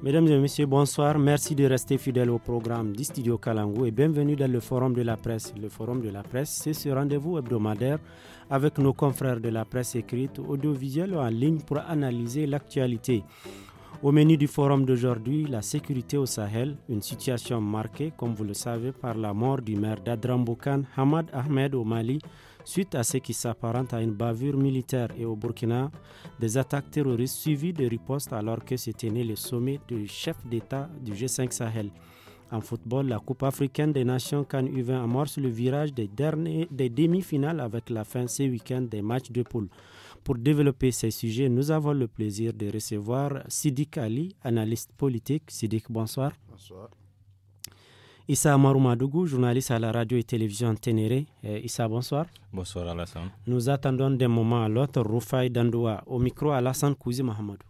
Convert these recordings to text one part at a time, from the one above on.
Mesdames et messieurs, bonsoir. Merci de rester fidèles au programme du Studio Kalangou et bienvenue dans le Forum de la presse. Le Forum de la presse, c'est ce rendez-vous hebdomadaire avec nos confrères de la presse écrite, audiovisuelle ou en ligne pour analyser l'actualité. Au menu du forum d'aujourd'hui, la sécurité au Sahel, une situation marquée, comme vous le savez, par la mort du maire Boukan, Hamad Ahmed au Mali, suite à ce qui s'apparente à une bavure militaire et au Burkina, des attaques terroristes suivies de ripostes alors que se tenait le sommet du chef d'État du G5 Sahel. En football, la Coupe africaine des nations Cannes U20 amorce le virage des, derniers, des demi-finales avec la fin ce week-end des matchs de poule. Pour développer ces sujets, nous avons le plaisir de recevoir Sidik Ali, analyste politique. Sidik, bonsoir. Bonsoir. Issa Marumadougou, journaliste à la radio et télévision Ténéré. Eh, Issa, bonsoir. Bonsoir Alassane. Nous attendons des moments à l'autre Rufai Dandoua. Au micro, Alassane Kouzi Mahamadou.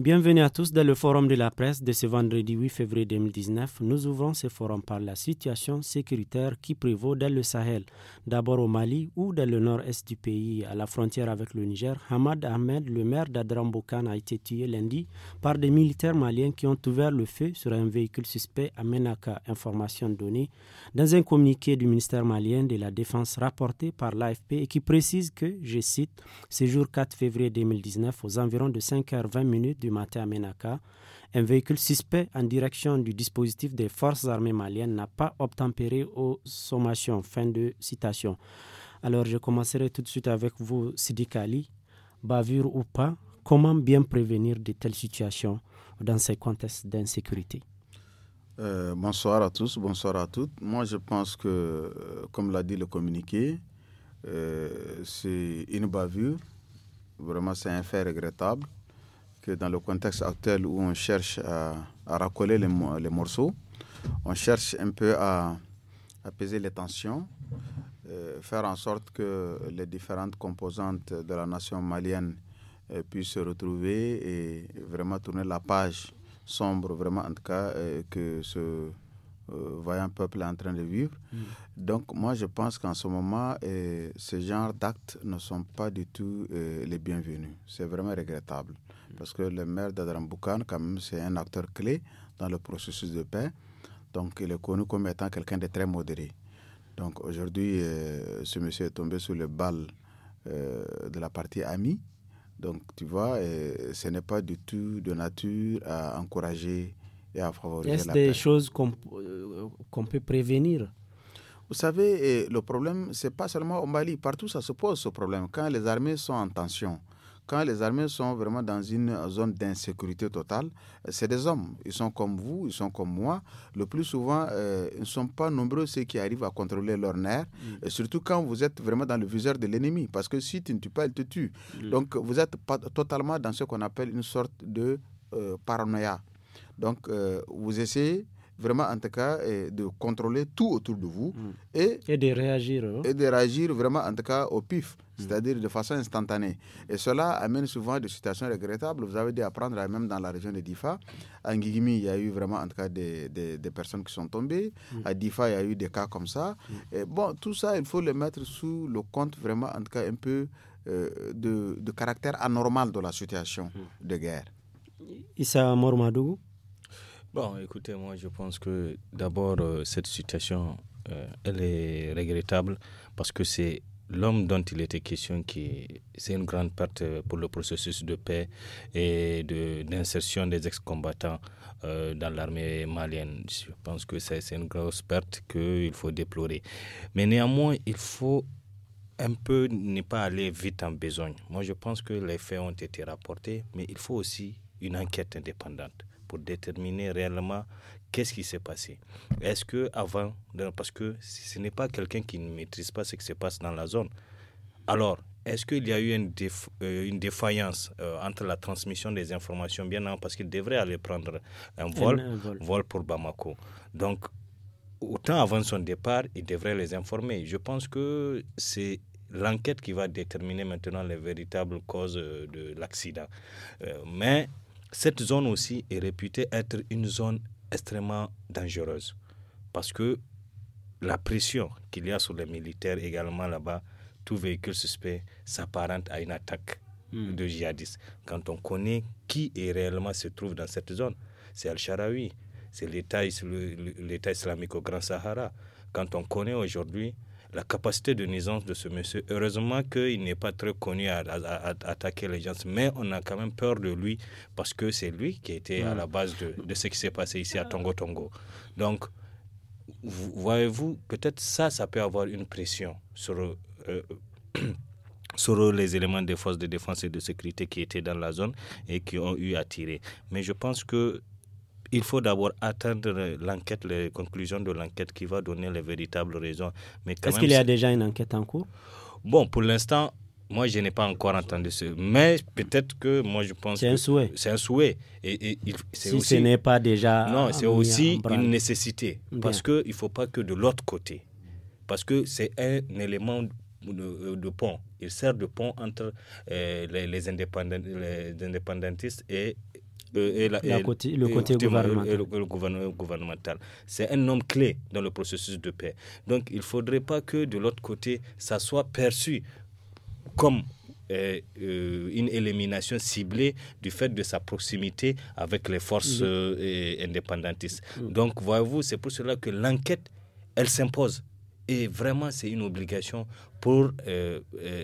Bienvenue à tous dans le forum de la presse de ce vendredi 8 février 2019. Nous ouvrons ce forum par la situation sécuritaire qui prévaut dans le Sahel. D'abord au Mali ou dans le nord-est du pays, à la frontière avec le Niger, Hamad Ahmed, le maire Bokan, a été tué lundi par des militaires maliens qui ont ouvert le feu sur un véhicule suspect à Menaka, information donnée dans un communiqué du ministère malien de la Défense rapporté par l'AFP et qui précise que, je cite, ce jour 4 février 2019, aux environs de 5h20 minutes du du matin à Menaka, un véhicule suspect en direction du dispositif des forces armées maliennes n'a pas obtempéré aux sommations. Fin de citation. Alors je commencerai tout de suite avec vous, Sidi Ali. Bavure ou pas, comment bien prévenir de telles situations dans ces contextes d'insécurité euh, bonsoir à tous, bonsoir à toutes. Moi, je pense que, euh, comme l'a dit le communiqué, euh, c'est une bavure. Vraiment, c'est un fait regrettable que dans le contexte actuel où on cherche à, à racoler les, morceaux, on cherche un peu à apaiser les tensions, euh, faire en sorte que les différentes composantes de la nation malienne euh, puissent se retrouver et vraiment tourner la page sombre, vraiment en tout cas, euh, que ce voyant peuple est en train de vivre. Mm. Donc moi je pense qu'en ce moment, ce genre d'actes ne sont pas du tout les bienvenus. C'est vraiment regrettable parce que le maire d'Adramboukan, quand même, c'est un acteur clé dans le processus de paix. Donc, il est connu comme étant quelqu'un de très modéré. Donc, aujourd'hui, euh, ce monsieur est tombé sous le bal euh, de la partie amie. Donc, tu vois, euh, ce n'est pas du tout de nature à encourager et à favoriser Est-ce des choses qu'on peut prévenir Vous savez, le problème, c'est pas seulement au Mali. Partout, ça se pose ce problème. Quand les armées sont en tension, quand les armées sont vraiment dans une zone d'insécurité totale, euh, c'est des hommes. Ils sont comme vous, ils sont comme moi. Le plus souvent, euh, ils ne sont pas nombreux ceux qui arrivent à contrôler leur nerf, mm. et surtout quand vous êtes vraiment dans le viseur de l'ennemi. Parce que si tu ne tues pas, il te tue. Mm. Donc, vous êtes pas, totalement dans ce qu'on appelle une sorte de euh, paranoïa. Donc, vous essayez vraiment en tout cas de contrôler tout autour de vous mm. et, de réagir. Hein. Et de réagir vraiment en tout cas au pif, mm. c'est-à-dire de façon instantanée. Et cela amène souvent des situations regrettables. Vous avez dû apprendre même dans la région de Difa. À Ngigimi, il y a eu vraiment en tout cas des, personnes qui sont tombées. Mm. À Difa, il y a eu des cas comme ça. Et bon, tout ça, il faut le mettre sous le compte vraiment en tout cas un peu euh, de, caractère anormal de la situation de guerre. Issa Mormadou Bon, écoutez, moi je pense que d'abord, euh, cette situation, euh, elle est regrettable parce que c'est l'homme dont il était question qui c'est une grande perte pour le processus de paix et d'insertion des ex-combattants euh, dans l'armée malienne. Je pense que c'est une grosse perte qu'il faut déplorer. Mais néanmoins, il faut un peu ne pas aller vite en besogne. Moi, je pense que les faits ont été rapportés, mais il faut aussi une enquête indépendante pour déterminer réellement qu'est-ce qui s'est passé. Est-ce que avant, parce que ce n'est pas quelqu'un qui ne maîtrise pas ce qui se passe dans la zone, alors est-ce qu'il y a eu une, euh, une défaillance euh, entre la transmission des informations bien non, parce qu'il devrait aller prendre un vol, vol, pour Bamako. Donc autant avant son départ, il devrait les informer. Je pense que c'est l'enquête qui va déterminer maintenant les véritables causes euh, de l'accident. mais cette zone aussi est réputée être une zone extrêmement dangereuse parce que la pression qu'il y a sur les militaires également là-bas, tout véhicule suspect s'apparente à une attaque hmm. de djihadistes. Quand on connaît qui est réellement se trouve dans cette zone, c'est Al-Sharawi, c'est l'État islamique au Grand Sahara. Quand on connaît aujourd'hui la capacité de nuisance de ce monsieur. Heureusement qu'il n'est pas très connu à, attaquer les gens, mais on a quand même peur de lui parce que c'est lui qui était à mm. la base de, de ce qui s'est passé ici à Tongo Tongo. Donc, voyez-vous, peut-être ça, ça peut avoir une pression sur, euh, sur les éléments des forces de défense et de sécurité qui étaient dans la zone et qui ont eu à tirer. Mais je pense que il faut d'abord attendre l'enquête, les conclusions de l'enquête qui va donner les véritables raisons. Mais Est-ce qu'il y a déjà une enquête en cours Bon, pour l'instant, moi, je n'ai pas encore entendu ce. Mais peut-être que moi, je pense. C'est un souhait. C'est un souhait. Et, si ce n'est pas déjà. Non, c'est aussi une nécessité. Parce qu'il ne faut pas que de l'autre côté. Parce que c'est un élément de, euh, pont. Il sert de pont entre euh, les, les, indépendant, les indépendantistes et euh, et, le côté gouvernemental. gouvernemental. C'est un homme clé dans le processus de paix. Donc il ne faudrait pas que de l'autre côté, ça soit perçu comme euh, euh, une élimination ciblée du fait de sa proximité avec les forces indépendantistes. Donc voyez-vous, c'est pour cela que l'enquête, elle s'impose. Et vraiment, c'est une obligation pour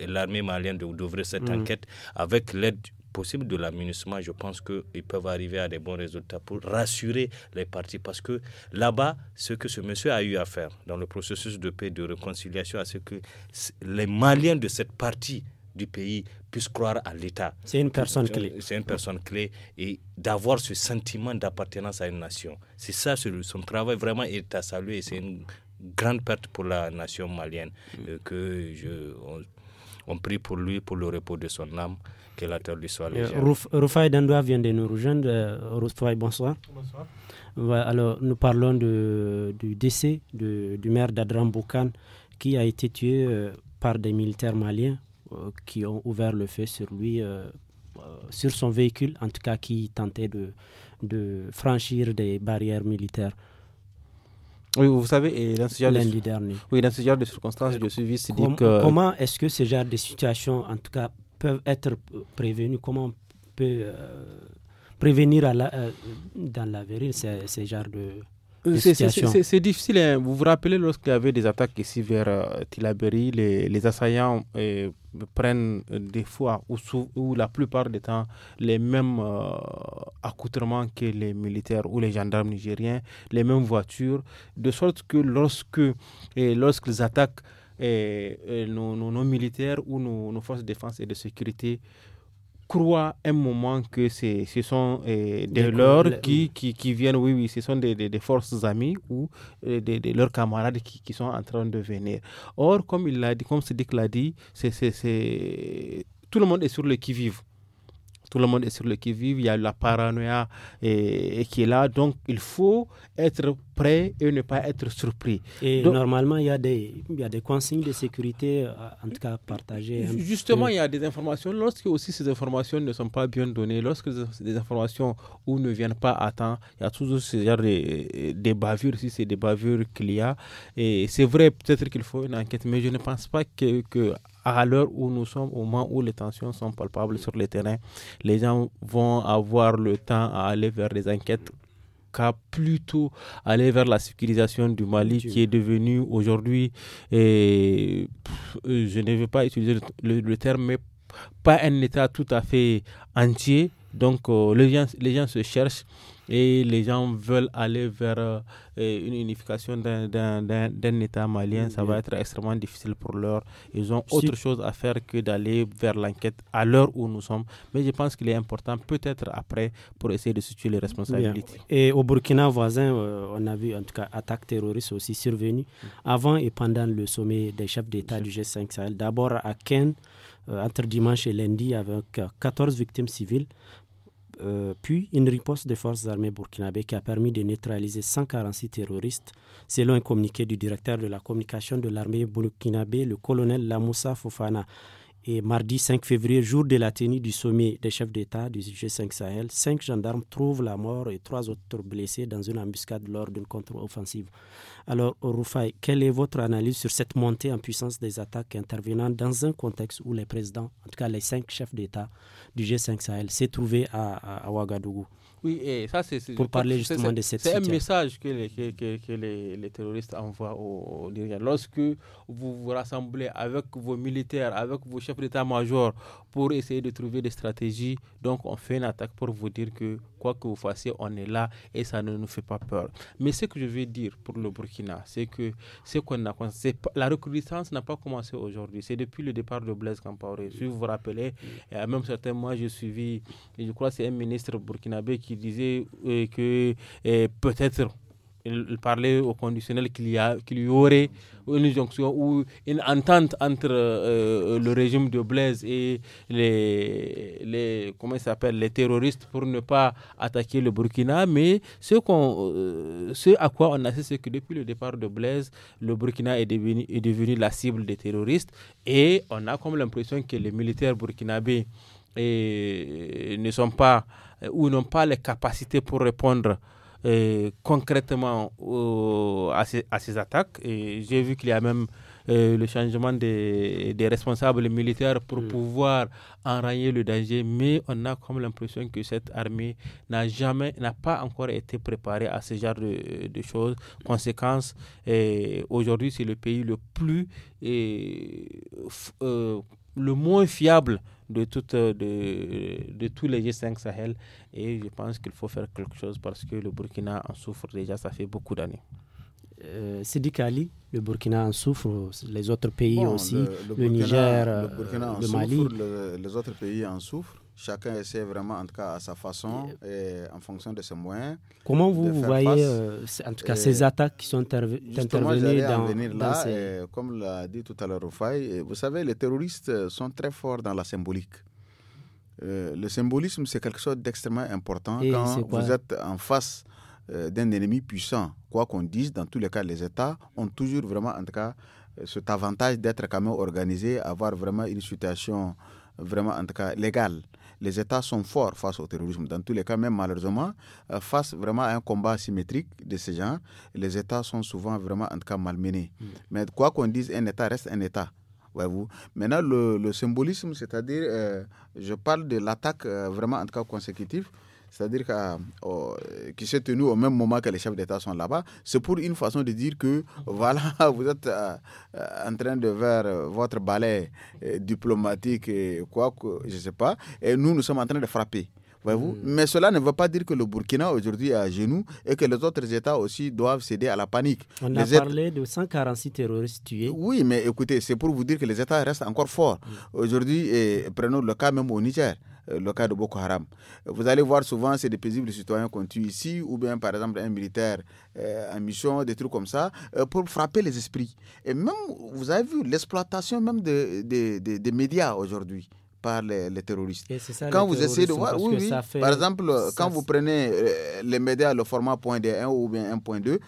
l'armée malienne d'ouvrir cette mm. enquête avec l'aide possible de l'aménagement, je pense qu'ils peuvent arriver à des bons résultats pour rassurer les partis. Parce que là-bas, ce que ce monsieur a eu à faire dans le processus de paix, de réconciliation, c'est que les Maliens de cette partie du pays puissent croire à l'État. C'est une personne clé. Euh, c'est une personne clé et d'avoir ce sentiment d'appartenance à une nation. C'est ça, son travail vraiment est à saluer. C'est une grande perte pour la nation malienne mm. euh, que je, on prie pour lui, pour le repos de son âme la terre du soir Rufai Dandoua vient de nous rejoindre. Euh, Rufai, bonsoir. Bonsoir. Alors, nous parlons du décès du maire d'Adram Boukan qui a été tué euh, par des militaires maliens euh, qui ont ouvert le feu sur lui, sur son véhicule, en tout cas qui tentait de, franchir des barrières militaires. Oui, vous savez, et dans ce genre de, dernier. Oui, dans ce genre de circonstances, je suis dit que... Comment est-ce que ce genre de situation, en tout cas être prévenus, comment peut euh, prévenir à la, euh, dans ces, ces genres de... Euh, c'est difficile. Hein. Vous vous rappelez lorsqu'il y avait des attaques ici vers euh, les, les assaillants euh, prennent des fois ou, sous, ou, la plupart des temps les mêmes accoutrements que les militaires ou les gendarmes nigériens, les mêmes voitures, de sorte que lorsque lorsque les attaques et nos, militaires ou nos, forces de défense et de sécurité croient un moment que ce sont eh, des, leurs qui, qui, viennent, oui, oui, ce sont des, forces amies ou eh, de, leurs camarades qui, qui, sont en train de venir. Or, comme il l'a dit, comme dit l'a dit, tout le monde est sur le qui-vive. Tout le monde est sur le qui-vive, il y a la paranoïa et, qui est là. Donc, il faut être prêt et ne pas être surpris. Et normalement, il y, a des, il y a des consignes de sécurité, euh, en tout cas partagées. Hein. Justement, il y a des informations. Lorsque aussi ces informations ne sont pas bien données, lorsque des informations ou ne viennent pas à temps, il y a toujours ce genre de, de bavures, si c'est des bavures qu'il y a. Et c'est vrai, peut-être qu'il faut une enquête, mais je ne pense pas que, que à l'heure où nous sommes, au moment où les tensions sont palpables sur le terrain, les gens vont avoir le temps à aller vers les enquêtes qu'à plutôt aller vers la sécurisation du Mali qui est devenu aujourd'hui, euh, je ne veux pas utiliser le, terme, mais pas un État tout à fait entier. Donc euh, les, gens, les gens se cherchent et les gens veulent aller vers euh, une unification d'un État malien, ça va être extrêmement difficile pour eux. Ils ont autre chose à faire que d'aller vers l'enquête à l'heure où nous sommes. Mais je pense qu'il est important, peut-être après, pour essayer de situer les responsabilités. Et au Burkina voisin, euh, on a vu en tout cas attaques terroristes aussi survenues, mm. avant et pendant le sommet des chefs d'État du G5 Sahel. D'abord à Ken, euh, entre dimanche et lundi, avec 14 victimes civiles euh, puis une riposte des forces armées burkinabées qui a permis de neutraliser 146 terroristes, selon un communiqué du directeur de la communication de l'armée burkinabée, le colonel Lamoussa Fofana. Et mardi 5 février, jour de la tenue du sommet des chefs d'État du G5 Sahel, cinq gendarmes trouvent la mort et trois autres blessés dans une embuscade lors d'une contre-offensive. Alors, Rufai, quelle est votre analyse sur cette montée en puissance des attaques intervenant dans un contexte où les présidents, en tout cas les cinq chefs d'État du G5 Sahel, s'est trouvés à Ouagadougou oui, et ça, c'est. Pour parler justement de cette un message que les, terroristes envoient aux, Lorsque vous vous rassemblez avec vos militaires, avec vos chefs d'état-major pour essayer de trouver des stratégies, donc on fait une attaque pour vous dire que que vous fassiez, on est là et ça ne nous fait pas peur. Mais ce que je veux dire pour le Burkina, c'est que qu'on a la recrudescence n'a pas commencé aujourd'hui. C'est depuis le départ de Blaise Compaoré. Si vous vous rappelez, et même certains mois, j'ai suivi, je crois, c'est un ministre burkinabé qui disait euh, que euh, peut-être il parlait au conditionnel qu'il y, a, y aurait une jonction ou une entente entre euh, euh, le régime de Blaise et les, les, comment s'appelle, les terroristes pour ne pas attaquer le Burkina. Mais ce, qu'on, euh, ce à quoi on assiste, c'est que depuis le départ de Blaise, le Burkina est devenu, est devenu la cible des terroristes et on a comme l'impression que les militaires burkinabés et ne sont pas ou n'ont pas les capacités pour répondre euh, concrètement euh, à ces, à, ces, attaques. J'ai vu qu'il y a même euh, le changement des, responsables militaires pour mm. pouvoir enrayer le danger, mais on a comme l'impression que cette armée n'a jamais, n'a pas encore été préparée à ce genre de, choses. Conséquence, aujourd'hui, c'est le pays le plus, le moins fiable euh, de, de, tous les G5 Sahel. Et je pense qu'il faut faire quelque chose parce que le Burkina en souffre déjà, ça fait beaucoup d'années. Euh, Sidi Kali, le Burkina en souffre, les autres pays aussi, le, Niger, le, euh, Mali. les autres pays en souffrent. Chacun essaie vraiment, en tout cas à sa façon, et en fonction de ses moyens. Comment vous, voyez, euh, en tout cas, ces attaques qui sont intervenues dans, venir là, Comme l'a dit tout à l'heure Rufai, vous savez, les terroristes sont très forts dans la symbolique. Euh, le symbolisme, c'est quelque chose d'extrêmement important quand vous êtes en face euh, d'un ennemi puissant. Quoi qu'on dise, dans tous les cas, les États ont toujours vraiment, en tout cas, cet avantage d'être quand même organisés, avoir vraiment une situation vraiment en tout cas légal Les États sont forts face au terrorisme. Dans tous les cas, même malheureusement, euh, face vraiment à un combat symétrique de ces gens, les États sont souvent vraiment en tout cas malmenés. Mm. Mais quoi qu'on dise, un État reste un État. Voyez-vous. Maintenant, le, symbolisme, c'est-à-dire, euh, je parle de l'attaque euh, vraiment en tout cas consécutive c'est-à-dire que, oh, euh, qui s'est tenu au même moment que les chefs d'État sont là-bas, c'est pour une façon de dire que, voilà, vous êtes euh, euh, en train de faire votre balai diplomatique quoi, que, je sais pas, et nous, nous sommes en train de frapper vous mm. Mais cela ne veut pas dire que le Burkina aujourd'hui est à genoux et que les autres États aussi doivent céder à la panique. On a parlé de 146 terroristes tués. Oui, mais écoutez, c'est pour vous dire que les États restent encore forts. Mm. Aujourd'hui, prenons le cas même au Niger euh, le cas de Boko Haram. Vous allez voir souvent, c'est des paisibles citoyens qu'on tue ici, ou bien par exemple un militaire euh, en mission, des trucs comme ça, euh, pour frapper les esprits. Et même, vous avez vu l'exploitation même des de, des médias aujourd'hui par les, terroristes. quand vous essayez de voir, oui, par exemple, quand vous prenez euh, les médias, le format .1 ou bien 1.2, euh,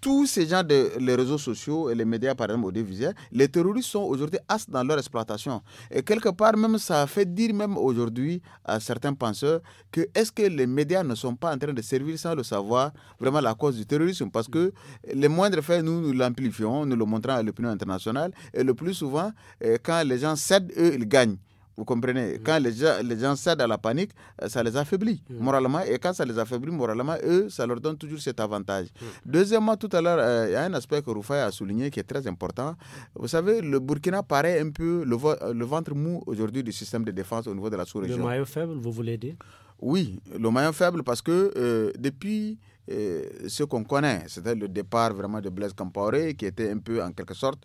tous ces gens de les réseaux sociaux et les médias, par exemple, audiovisuels, les terroristes sont aujourd'hui as dans leur exploitation. Et quelque part, même, ça a fait dire même aujourd'hui à certains penseurs que est-ce que les médias ne sont pas en train de servir sans le savoir vraiment la cause du terrorisme Parce que les moindres faits, nous, nous l'amplifions, nous le montrons à l'opinion internationale. Et le plus souvent, euh, quand les gens cèdent, eux, ils gagnent. Vous comprenez Quand les gens, les gens cèdent à la panique, euh, ça les affaiblit moralement. Et quand ça les affaiblit moralement, eux, ça leur donne toujours cet avantage. Deuxièmement, tout à l'heure, euh, il y a un aspect que Rufai a souligné qui est très important. Vous savez, le Burkina paraît un peu le, euh, ventre mou aujourd'hui du système de défense au niveau de la sous-région. Le maillon faible, vous voulez dire Oui, le maillon faible parce que depuis ce qu'on connaît. C'était le départ vraiment de Blaise Compaoré, qui était un peu, en quelque sorte,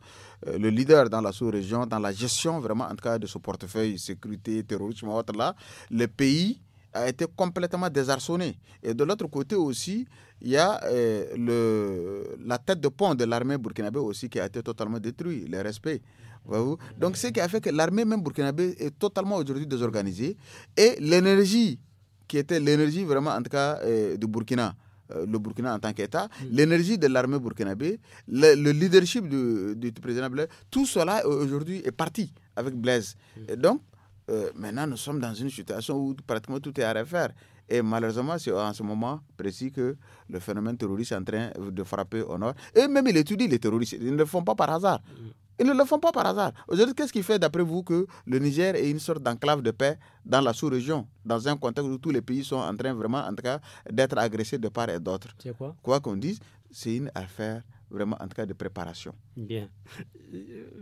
euh, le leader dans la sous-région, dans la gestion vraiment, en tout cas, de ce portefeuille sécurité, terrorisme, autre là. Le pays a été complètement désarçonné. Et de l'autre côté aussi, il y a euh, le, la tête de pont de l'armée burkinabé aussi qui a été totalement détruite, le respect. Donc, ce qui a fait que l'armée même burkinabé est totalement aujourd'hui désorganisée et l'énergie qui était l'énergie vraiment en tout cas euh, de du Burkina euh, le Burkina en tant qu'État, mm. l'énergie de l'armée burkinabé, le, leadership du, président Blaise, tout cela aujourd'hui est parti avec Blaise. Mm. Et donc, euh, maintenant, nous sommes dans une situation où pratiquement tout est à refaire. Et malheureusement, c'est en ce moment précis que le phénomène terroriste est en train de frapper au nord. Et même il étudie les terroristes. Ils ne le font pas par hasard. Mm. Ils ne le font pas par hasard. Aujourd'hui, qu'est-ce qui fait, d'après vous, que le Niger est une sorte d'enclave de paix dans la sous-région, dans un contexte où tous les pays sont en train vraiment, en tout cas, d'être agressés de part et d'autre C'est quoi Quoi qu'on dise, c'est une affaire vraiment, en tout cas, de préparation. Bien.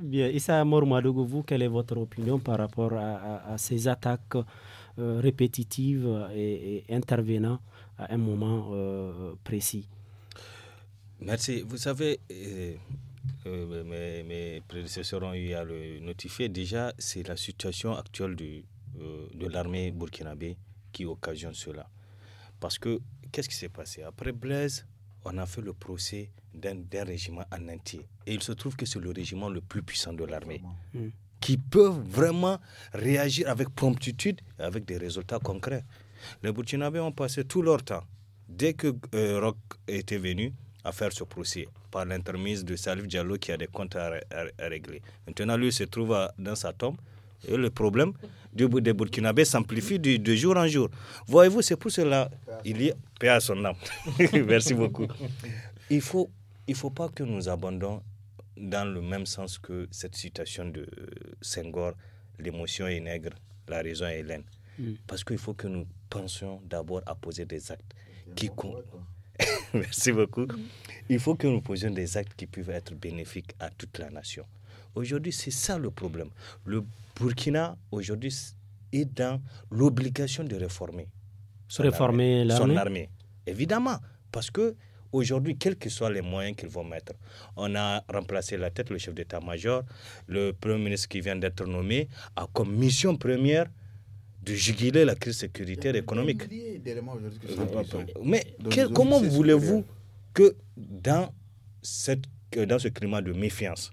Bien. Issa Mormadougou, vous, quelle est votre opinion par rapport à, ces attaques euh, répétitives et, intervenant à un moment euh, précis Merci. Vous savez. Euh, euh, mes, prédécesseurs ont eu à le notifier, déjà, c'est la situation actuelle du, euh, de l'armée burkinabé qui occasionne cela. Parce que, qu'est-ce qui s'est passé Après Blaise, on a fait le procès d'un régiment en entier. Et il se trouve que c'est le régiment le plus puissant de l'armée. Hmm. Qui peut vraiment réagir avec promptitude, avec des résultats concrets. Les Burkinabés ont passé tout leur temps. Dès que euh, Rock était venu, à faire ce procès par l'intermise de Salif Diallo qui a des comptes à, régler. Maintenant, lui se trouve dans sa tombe et le problème du, des Burkinabés s'amplifie de, jour en jour. Voyez-vous, c'est pour cela il y a paix à son âme. Merci beaucoup. Il faut il faut pas que nous abandonnions dans le même sens que cette citation de Senghor, l'émotion est nègre, la raison est laine. Mm. Parce qu'il faut que nous pensions d'abord à poser des actes qui, Merci beaucoup. Il faut que nous posions des actes qui puissent être bénéfiques à toute la nation. Aujourd'hui, c'est ça le problème. Le Burkina, aujourd'hui, est dans l'obligation de réformer. Son réformer Son armée. Évidemment, parce que aujourd'hui, quels que soient les moyens qu'ils vont mettre, on a remplacé la tête, le chef d'état-major, le premier ministre qui vient d'être nommé, a comme mission première de juguler la crise sécuritaire et économique. Mais comment voulez-vous que dans, cette, dans ce climat de méfiance,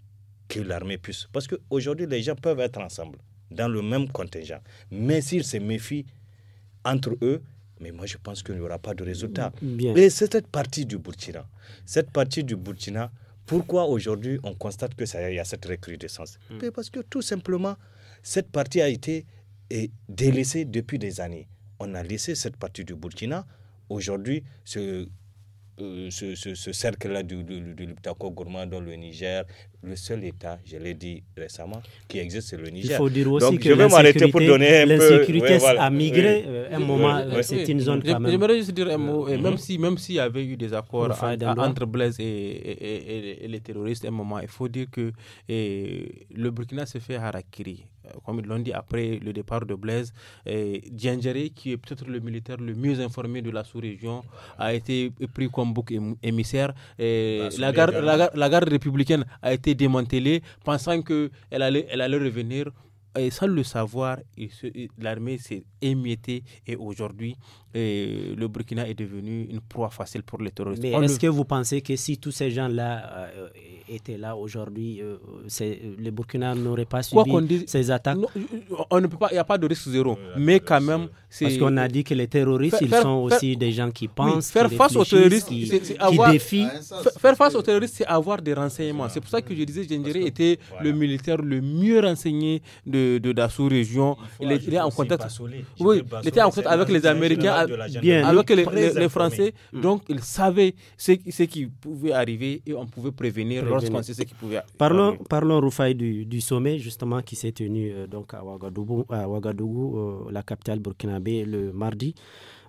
que l'armée puisse... Parce qu'aujourd'hui, les gens peuvent être ensemble, dans le même contingent. Mais s'ils se méfient entre eux, mais moi je pense qu'il n'y aura pas de résultat. Mais c'est cette partie du Burkina. Cette partie du Burkina, pourquoi aujourd'hui on constate que ça, y a cette recrudescence hmm. Parce que tout simplement, cette partie a été et délaissé depuis des années. On a laissé cette partie du Burkina. Aujourd'hui, ce, euh, ce, cercle-là du, du, du, Gourmand dans le Niger, le seul État, je l'ai dit récemment, qui existe, c'est le Niger. Il faut dire aussi Donc, que je vais m'arrêter pour donner un peu... L'insécurité ouais, a migré euh, un moment, euh, c'est une zone quand même. J'aimerais juste dire un mot, mm-hmm. même s'il si y avait eu des accords entre Blaise et, les terroristes, un moment, il faut dire que le Burkina se fait harakiri euh, comme ils l'ont dit après le départ de Blaise, eh, Djangere, qui est peut-être le militaire le mieux informé de la sous-région, a été pris comme bouc émissaire. Bah, la, garde, républicaine a été démantelée, pensant qu'elle allait, elle allait revenir et sans le savoir, l'armée s'est émiettée et aujourd'hui, euh, le Burkina est devenu une proie facile pour les terroristes. Mais est-ce que vous pensez que si tous ces gens-là euh, étaient là aujourd'hui, euh, le Burkina n'aurait pas subi ces attaques On ne peut pas, il n'y a pas de risque zéro. mais quand même, c'est parce qu'on a dit que les terroristes, ils sont aussi des gens qui pensent, faire qui face aux terroristes, qui, avoir, défient. Faire face aux terroristes, c'est avoir des renseignements. C'est pour ça que je disais, Gendry était le militaire le mieux renseigné de de, région Il, était en contact. Oui, était en contact avec les Américains, avec, bien, les, Français. Hmm. Donc, il savait ce, qui pouvait arriver et on pouvait prévenir, lorsqu'on sait ce qui pouvait arriver. Parlons, parlons du, sommet justement qui s'est tenu euh, donc à Ouagadougou, euh, la capitale burkinabé, le mardi.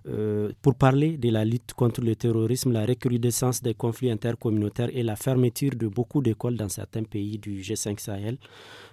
Euh, pour parler de la lutte contre le terrorisme, la recrudescence des conflits intercommunautaires et la fermeture de beaucoup d'écoles dans certains pays du G5 Sahel.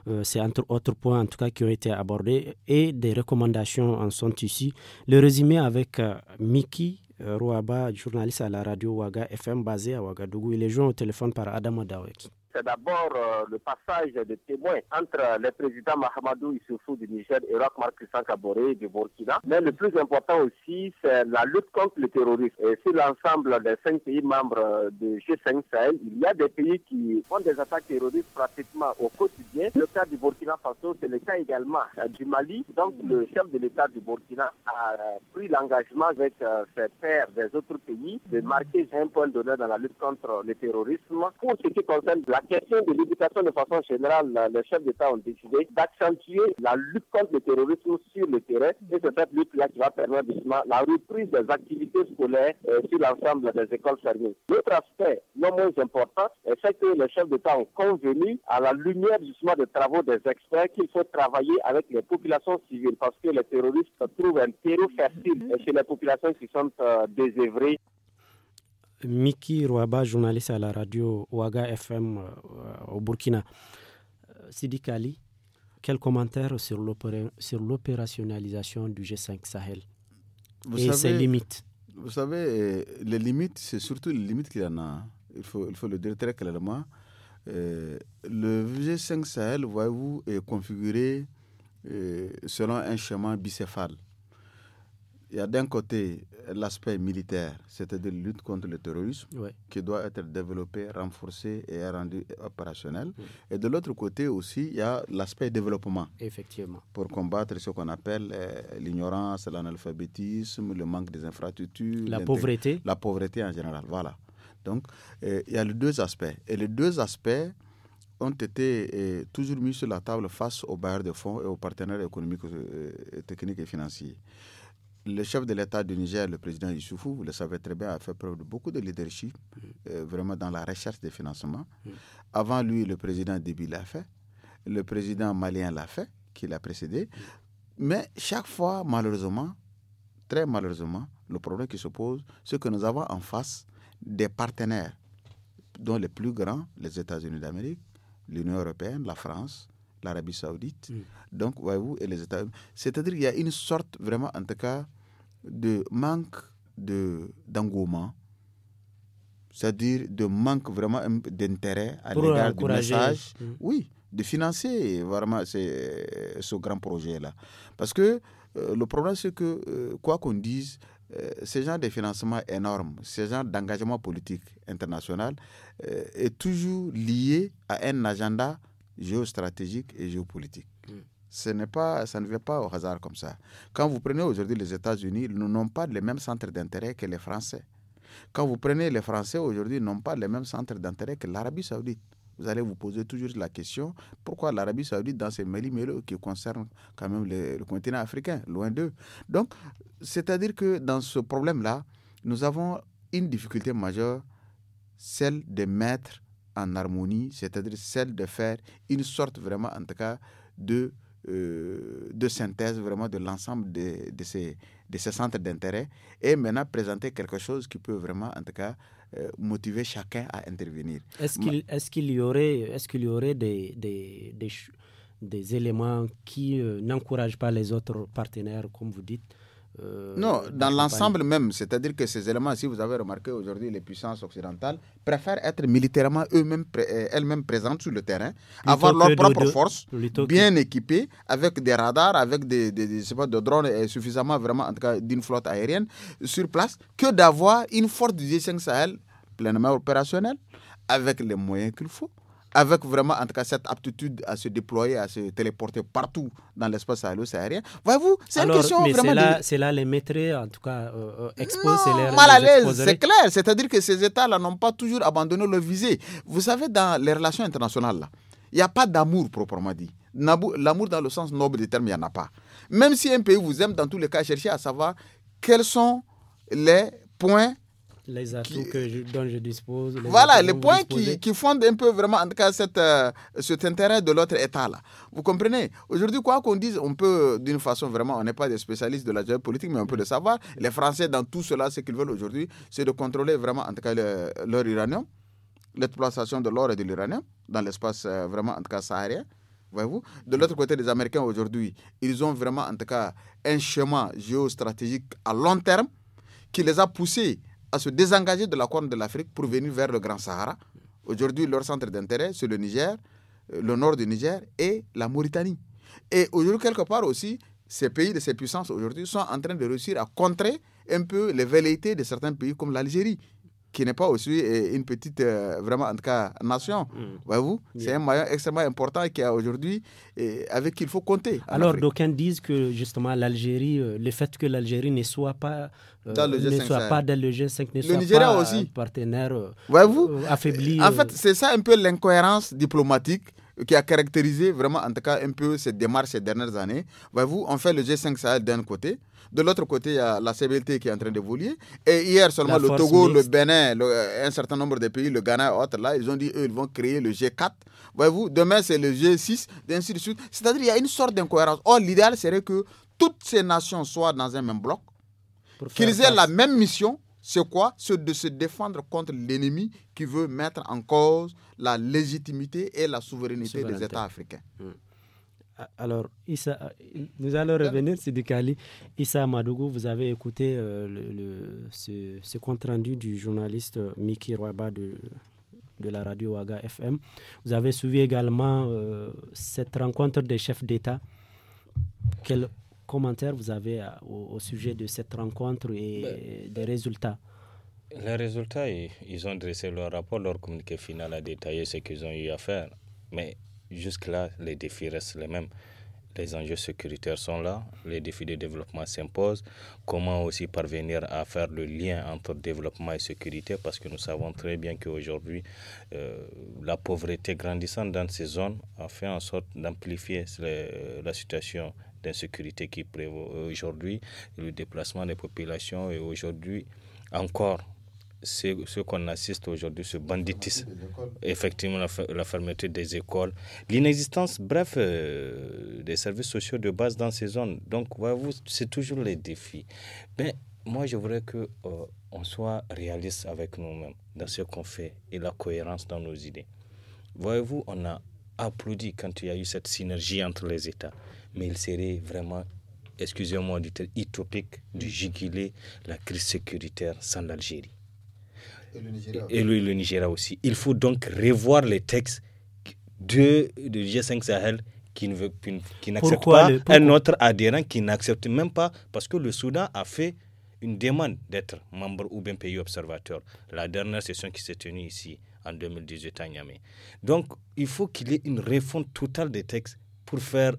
Euh, c'est entre autres points en tout cas qui ont été abordés et des recommandations en sont ici. Le résumé avec euh, Miki euh, Rouaba, journaliste à la radio Ouaga FM basée à Ouagadougou. Il est joint au téléphone par Adam Adaweki c'est d'abord euh, le passage de témoins entre les présidents Mahamadou Issoufou du Niger et Roch Marc Kabore du Burkina. Mais le plus important aussi, c'est la lutte contre le terrorisme. Et sur l'ensemble des cinq pays membres du G5 Sahel, il y a des pays qui font des attaques terroristes pratiquement au quotidien. Le cas du Burkina Faso, c'est le cas également euh, du Mali. Donc le chef de l'État du Burkina a euh, pris l'engagement avec ses pairs des autres pays de marquer un point d'honneur dans la lutte contre le terrorisme. Pour ce qui concerne la question de l'éducation de façon générale, les chefs d'État ont décidé d'accentuer la lutte contre le terrorisme sur le terrain. Et c'est cette lutte-là qui va permettre justement la reprise des activités scolaires euh, sur l'ensemble des écoles fermées. L'autre aspect, non moins important, c'est que les chefs d'État ont convenu, à la lumière justement des travaux des experts, qu'il faut travailler avec les populations civiles parce que les terroristes trouvent un terreau fertile mm-hmm. chez les populations qui sont euh, désœuvrées. Miki Rouaba, journaliste à la radio Ouaga FM euh, au Burkina. Euh, Sidi Kali, quel commentaire sur l'opérationnalisation du G5 Sahel et ses limites Vous savez, euh, les limites, c'est surtout les limites qu'il y en a. Hein. Il faut, il faut le dire très clairement. le G5 Sahel, voyez-vous, est configuré selon un schéma bicéphale il y a d'un côté l'aspect militaire, c'est-à-dire la lutte contre le terrorisme, qui doit être développé, renforcé et rendu opérationnel. Et de l'autre côté aussi, il y a l'aspect développement. Effectivement. Pour combattre ce qu'on appelle euh, l'ignorance, l'analphabétisme, le manque des infrastructures. La pauvreté. La pauvreté en général, voilà. Donc, euh, il y a les deux aspects. Et les deux aspects ont été euh, toujours mis sur la table face aux bailleurs de fonds et aux partenaires économiques, techniques et financiers le chef de l'État du Niger, le président Issoufou, vous le savez très bien, a fait preuve de beaucoup de leadership, mm. euh, vraiment dans la recherche des financements. Mm. Avant lui, le président Déby l'a fait, le président malien l'a fait, qui l'a précédé. Mm. Mais chaque fois, malheureusement, très malheureusement, le problème qui se pose, c'est que nous avons en face des partenaires, dont les plus grands, les États-Unis d'Amérique, l'Union européenne, la France, l'Arabie saoudite, donc voyez-vous, et les États-Unis. C'est-à-dire qu'il y a une sorte, vraiment, en tout cas, de manque d'engouement, c'est-à-dire de manque vraiment d'intérêt à l'égard du message, mm. oui, de financer vraiment ce grand projet-là. Parce que euh, le problème, c'est que, euh, quoi qu'on dise, euh, ces ce genre de financement énorme, ce genre d'engagement politique international est toujours lié à un agenda géostratégique et géopolitique. Mm. Ce n'est pas, ça ne vient pas au hasard comme ça. Quand vous prenez aujourd'hui les États-Unis, ils n'ont pas les mêmes centres d'intérêt que les Français. Quand vous prenez les Français aujourd'hui, ils n'ont pas les mêmes centres d'intérêt que l'Arabie saoudite. Vous allez vous poser toujours la question, pourquoi l'Arabie saoudite dans ces mêlis qui concernent quand même le continent africain, loin d'eux. Donc, c'est-à-dire que dans ce problème-là, nous avons une difficulté majeure, celle de mettre en harmonie, c'est-à-dire celle de faire une sorte vraiment, en tout cas, de euh, de synthèse vraiment de l'ensemble de, de, ces, de ces centres d'intérêt et maintenant présenter quelque chose qui peut vraiment, en tout cas, euh, motiver chacun à intervenir. Est-ce qu'il est qu'il y aurait, est qu'il y aurait des, des, des, éléments qui euh, n'encouragent pas les autres partenaires, comme vous dites, euh, non, dans l'ensemble même, c'est-à-dire que ces éléments, si vous avez remarqué aujourd'hui, les puissances occidentales préfèrent être militairement eux-mêmes, euh, elles-mêmes présentes sur le terrain, avoir leurs propres forces, bien équipées, avec des radars, avec des, des, pas, de drones et suffisamment vraiment, en tout cas, d'une flotte aérienne sur place, que d'avoir une force du G5 Sahel pleinement opérationnelle, avec les moyens qu'il faut avec vraiment, en tout cas, cette aptitude à se déployer, à se téléporter partout dans l'espace sahélo-saharien. Voyez-vous, c'est une question vraiment. C'est là, les maîtres, en tout cas, euh, euh, exposent les mal à l'aise, c'est clair. C'est-à-dire que ces États-là n'ont pas toujours abandonné le visée. Vous savez, dans les relations internationales, il n'y a pas d'amour proprement dit. L'amour dans le sens noble des termes, il n'y en a pas. Même si un pays vous aime, dans tous les cas, cherchez à savoir quels sont les points les atouts que dont je dispose. voilà, les points qui, qui, fondent un peu vraiment, en tout cas, cette, euh, cet intérêt de l'autre État-là. Vous comprenez Aujourd'hui, quoi qu'on dise, on peut, d'une façon vraiment, on n'est pas des spécialistes de la géopolitique, mais on peut mm. le savoir. Les Français, dans tout cela, ce qu'ils veulent aujourd'hui, c'est de contrôler vraiment, en tout cas, leur uranium, l'exploitation de l'or et de l'uranium dans l'espace euh, vraiment, en tout cas, saharien. Voyez-vous De l'autre côté, les Américains aujourd'hui, ils ont vraiment, en tout cas, un chemin géostratégique à long terme qui les a poussés à se désengager de la Corne de l'Afrique pour venir vers le Grand Sahara. Aujourd'hui, leur centre d'intérêt, c'est le Niger, euh, le nord du Niger et la Mauritanie. Et aujourd'hui, quelque part aussi, ces pays de ces puissances aujourd'hui sont en train de réussir à contrer un peu les velléités de certains pays comme l'Algérie, qui n'est pas aussi euh, une petite, euh, vraiment, en tout cas, nation. Mm. Voyez-vous C'est un moyen extrêmement important qui a aujourd'hui, avec qui il faut compter. Alors, d'aucuns disent que, justement, l'Algérie, euh, le fait que l'Algérie ne soit pas. dans le G5 ne soit pas dans le 5 pas aussi. partenaire vous affaibli. En fait, c'est ça un peu l'incohérence diplomatique qui a caractérisé vraiment, en tout cas, un peu cette démarche ces dernières années. Voyez-vous, on fait le G5 a d'un côté, de l'autre côté, il y a la CBLT qui est en train de d'évoluer. Et hier seulement, le Togo, le Bénin, euh, un certain nombre de pays, le Ghana et autres, là, ils ont dit, eux, ils vont créer le G4. Voyez-vous, demain, c'est le G6, et ainsi de suite. C'est-à-dire qu'il y a une sorte d'incohérence. Or, l'idéal serait que toutes ces nations soient dans un même bloc, qu'ils aient la même mission, c'est quoi C'est de se défendre contre l'ennemi qui veut mettre en cause la légitimité et la souveraineté, des États africains. Hmm. Alors, Issa, euh, nous allons revenir sur Kali. Issa Madougou, vous avez écouté euh, le, ce, compte-rendu du journaliste euh, Miki Roaba de, de la radio Waga FM. Vous avez suivi également cette rencontre des chefs d'État. Quel commentaires vous avez au, sujet de cette rencontre et ben, des résultats Les résultats, ils, ils ont dressé leur rapport, leur communiqué final a détaillé ce qu'ils ont eu à faire. Mais Jusque-là, les défis restent les mêmes. Les enjeux sécuritaires sont là, les défis de développement s'imposent. Comment aussi parvenir à faire le lien entre développement et sécurité Parce que nous savons très bien qu'aujourd'hui, euh, la pauvreté grandissante dans ces zones a fait en sorte d'amplifier euh, la situation d'insécurité qui prévaut aujourd'hui, le déplacement des populations et aujourd'hui encore ce, qu'on assiste aujourd'hui, ce banditisme, effectivement la, fermeté fermeture des écoles, l'inexistence, bref, euh, des services sociaux de base dans ces zones. Donc, voyez-vous, c'est toujours les défis. Mais moi, je voudrais que euh, on soit réaliste avec nous-mêmes dans ce qu'on fait et la cohérence dans nos idées. Voyez-vous, on a applaudi quand il y a eu cette synergie entre les États, mais il serait vraiment excusez-moi du terme, utopique de juguler la crise sécuritaire sans l'Algérie. Et le Nigeria, le, aussi. Il faut donc revoir les textes de, de G5 Sahel qui, ne veut, qui n'accepte pas un autre adhérent qui n'accepte même pas parce que le Soudan a fait une demande d'être membre ou bien pays observateur. La dernière session qui s'est tenue ici en 2018 à Niamey. Donc il faut qu'il y ait une refonte totale des textes pour faire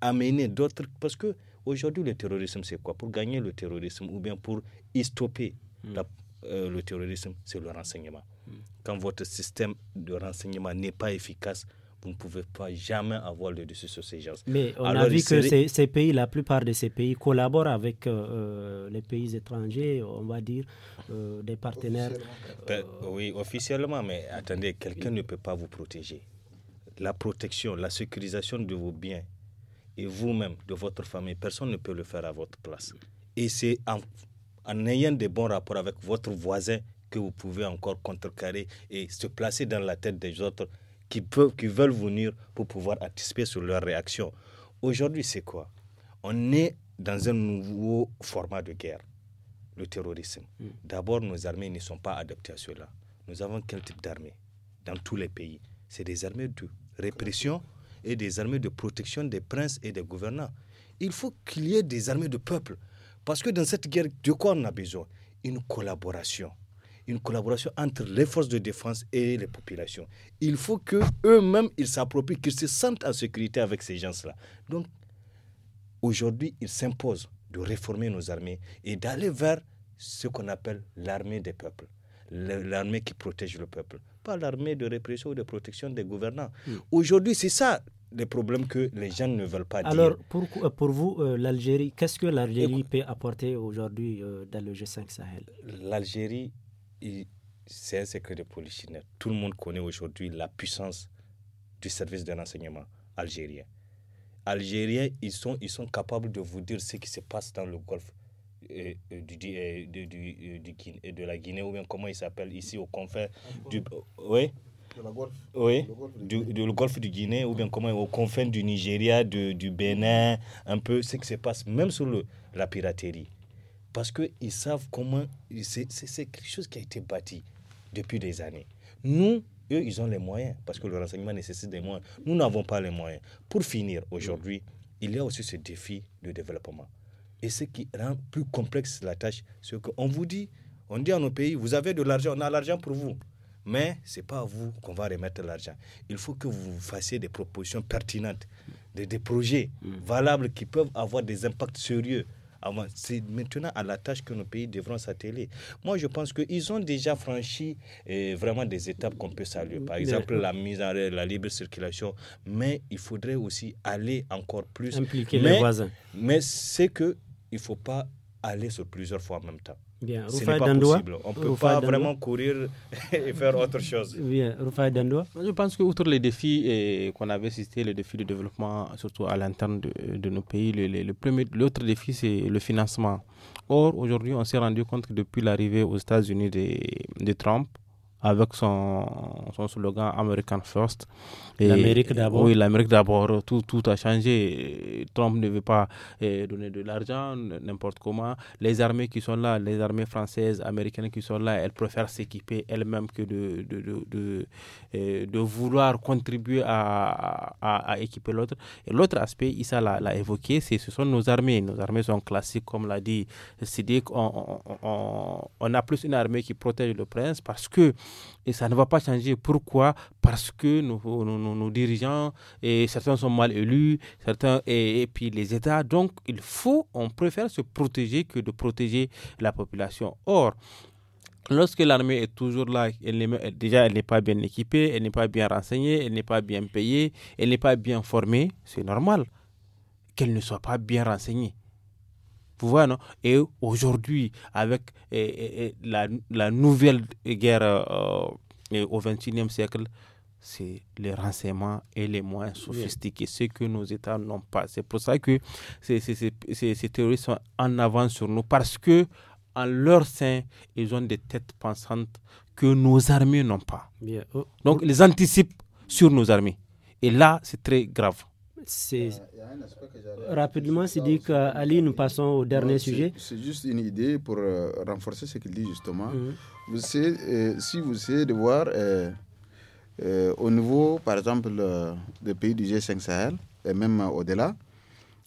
amener d'autres parce que aujourd'hui le terrorisme c'est quoi Pour gagner le terrorisme ou bien pour y stopper hmm. la euh, le terrorisme, c'est le renseignement. Quand votre système de renseignement n'est pas efficace, vous ne pouvez pas jamais avoir le dessus sur ces gens. Mais on a vu que ces, pays, la plupart de ces pays collaborent avec euh, euh, les pays étrangers, on va dire, des partenaires. oui, officiellement, mais attendez, quelqu'un ne peut pas vous protéger. La protection, la sécurisation de vos biens et vous-même, de votre famille, personne ne peut le faire à votre place. Et c'est en en ayant des bons rapports avec votre voisin que vous pouvez encore contrecarrer et se placer dans la tête des autres qui, peuvent, qui veulent venir pour pouvoir anticiper sur leur réaction. Aujourd'hui, c'est quoi On est dans un nouveau format de guerre, le terrorisme. Mm. D'abord, nos armées ne sont pas adaptées à cela. Nous avons quel type d'armée dans tous les pays C'est des armées de répression et des armées de protection des princes et des gouvernants. Il faut qu'il y ait des armées de peuple. Parce que dans cette guerre, de quoi on a besoin Une collaboration. Une collaboration entre les forces de défense et les populations. Il faut que eux-mêmes, ils s'approprient, qu'ils se sentent en sécurité avec ces gens-là. Donc, aujourd'hui, il s'impose de réformer nos armées et d'aller vers ce qu'on appelle l'armée des peuples, l'armée qui protège le peuple, pas l'armée de répression ou de protection des gouvernants. Hmm. Aujourd'hui, c'est ça des problèmes que les gens ne veulent pas Alors, dire. Alors, euh, pour, vous, euh, l'Algérie, qu'est-ce que l'Algérie peut apporter aujourd'hui euh, dans le G5 Sahel L'Algérie, c'est un secret de polichinelle. Tout le monde connaît aujourd'hui la puissance du service de renseignement algérien. Algériens, ils sont, ils sont capables de vous dire ce qui se passe dans le golfe du, du, de la Guinée, ou bien comment il s'appelle ici, au confins du. oui? oui, le golfe du, golfe du Guinée, ou bien comment aux confins du Nigeria, du Bénin, un peu ce qui se passe, même sur le, la piraterie. Parce qu'ils savent comment. C'est quelque chose qui a été bâti depuis des années. Nous, eux, ils ont les moyens, parce que le renseignement nécessite des moyens. Nous n'avons pas les moyens. Pour finir, aujourd'hui, il y a aussi ce défi de développement. Et ce qui rend plus complexe la tâche, c'est qu'on vous dit, on dit à nos pays, vous avez de l'argent, on a l'argent pour vous. Mais ce n'est pas à vous qu'on va remettre l'argent. Il faut que vous fassiez des propositions pertinentes, des, projets mm. valables qui peuvent avoir des impacts sérieux. C'est maintenant à la tâche que nos pays devront s'atteler. Moi, je pense qu'ils ont déjà franchi eh, vraiment des étapes qu'on peut saluer. Par exemple, la mise en la libre circulation. Mais il faudrait aussi aller encore plus. Impliquer les voisins. Mais c'est qu'il ne faut pas aller sur plusieurs fois en même temps. Bien, Ce pas possible. On ne peut pas vraiment courir et faire autre chose. Bien, Rufai Dandua. Je pense que les défis qu'on avait cités, les défis de développement, surtout à l'interne de, de, nos pays, l'autre défi, c'est le financement. Or, aujourd'hui, on s'est rendu compte que depuis l'arrivée aux États-Unis de, de Trump, avec son, son slogan American First. L'Amérique d'abord. Oui, l'Amérique d'abord. Tout, tout, a changé. Trump ne veut pas eh, donner de l'argent n'importe comment. Les armées qui sont là, les armées françaises, américaines qui sont là, elles préfèrent s'équiper elles-mêmes que de, de, de, de, eh, vouloir contribuer à, à, équiper l'autre. Et l'autre aspect, Issa l'a évoqué, c'est ce sont nos armées. Nos armées sont classiques, comme l'a dit Sidique. On, on, on, on, a plus une armée qui protège le prince parce que et ça ne va pas changer. Pourquoi Parce que nos, nos, dirigeants, et certains sont mal élus, certains, et, puis les États. Donc, il faut, on préfère se protéger que de protéger la population. Or, lorsque l'armée est toujours là, déjà elle n'est pas bien équipée, elle n'est pas bien renseignée, elle n'est pas bien payée, elle n'est pas bien formée, c'est normal qu'elle ne soit pas bien renseignée et aujourd'hui, avec eh, eh, eh, la, nouvelle guerre euh, au XXIe siècle, c'est les renseignements et les moins sophistiqués, ce que nos États n'ont pas. C'est pour ça que ces, ces, ces, terroristes sont en avance sur nous, parce que en leur sein, ils ont des têtes pensantes que nos armées n'ont pas. Oh, Donc, oh. ils anticipent sur nos armées. Et là, c'est très grave. Rapidement, c'est dit qu'Ali, nous passons au dernier sujet. C'est juste une idée pour euh, renforcer ce qu'il dit justement. Mhm. vous euh, si vous essayez de voir euh, au niveau, par exemple, des pays du G5 Sahel, et même au-delà,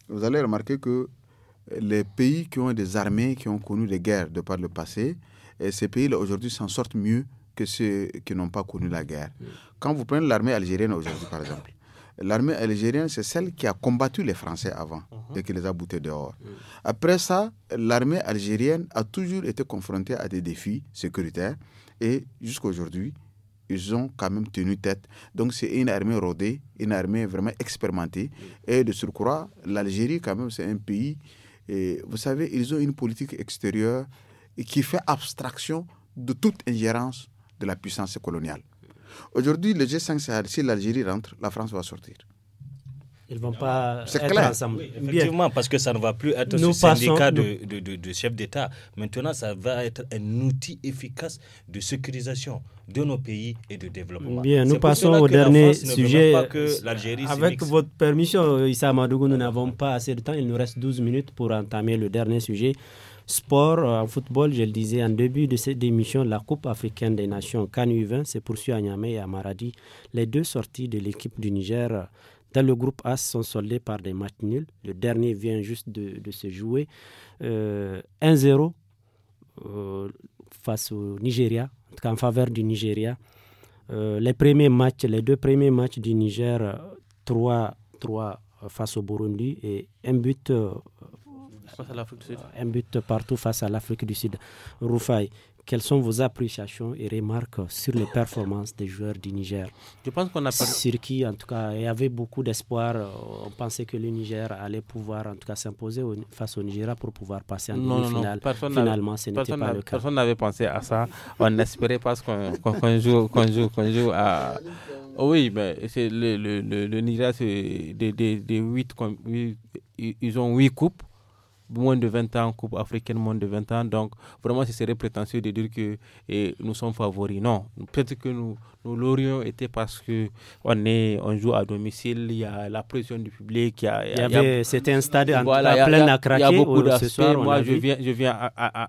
vous allez remarquer que les pays qui ont des armées, qui ont connu des guerres de par le passé, et ces pays-là aujourd'hui s'en sortent mieux que ceux qui n'ont pas connu la guerre. Mhm. Quand vous prenez l'armée algérienne aujourd'hui, par exemple, l'armée algérienne, c'est celle qui a combattu les Français avant mhm. et qui les a boutés dehors. Après ça, l'armée algérienne a toujours été confrontée à des défis sécuritaires et jusqu'à aujourd'hui, ils ont quand même tenu tête. Donc c'est une armée rodée, une armée vraiment expérimentée. Et de surcroît, l'Algérie, quand même, c'est un pays, et vous savez, ils ont une politique extérieure qui fait abstraction de toute ingérence de la puissance coloniale. Aujourd'hui, le G5 Sahel, si l'Algérie rentre, la France va sortir. Ils ne vont pas être ensemble. effectivement, parce que ça ne va plus être un cas syndicat de, de, de, de, chef d'État. Maintenant, ça va être un outil efficace de sécurisation de nos pays et de développement. Bien, nous passons au dernier sujet. Euh, avec votre permission, euh, Issa Madougou, nous n'avons pas assez de temps. Il nous reste 12 minutes pour entamer le dernier sujet. Sport, euh, football, je le disais en début de cette émission, la Coupe africaine des nations CANU 20 s'est poursuit à Niamey et à Maradi. Les deux sorties de l'équipe du Niger euh, dans le groupe A sont soldées par des matchs nuls. Le dernier vient juste de, se jouer 1-0 euh, face au Nigeria, en tout cas en faveur du Nigeria. les premiers matchs, les deux premiers matchs du Niger, 3-3 face au Burundi et un but euh, un but partout face à l'Afrique du Sud. Roufaï, quelles sont vos appréciations et remarques sur les performances des joueurs du Niger Je pense qu'on a Sur qui, en tout cas, il y avait beaucoup d'espoir. Euh, on pensait que le Niger allait pouvoir, en tout cas, s'imposer face au Nigeria pour pouvoir passer en demi-finale. Finalement, ce n'était pas le cas. Personne n'avait pensé à ça. On espérait pas qu'on joue, joue, à. Oui, mais le, le, le, Nigeria, c'est des, des, des huit, ils ont huit coupes moins de 20 ans, Coupe africaine moins de 20 ans. Donc, vraiment, ce serait prétentieux de dire que et eh, nous sommes favoris. Non, peut-être que nous, l'aurions été parce que on, est, joue à domicile, il y a la pression du public. Il y, avait, c'était un stade en plein à craquer. Moi, je viens, je viens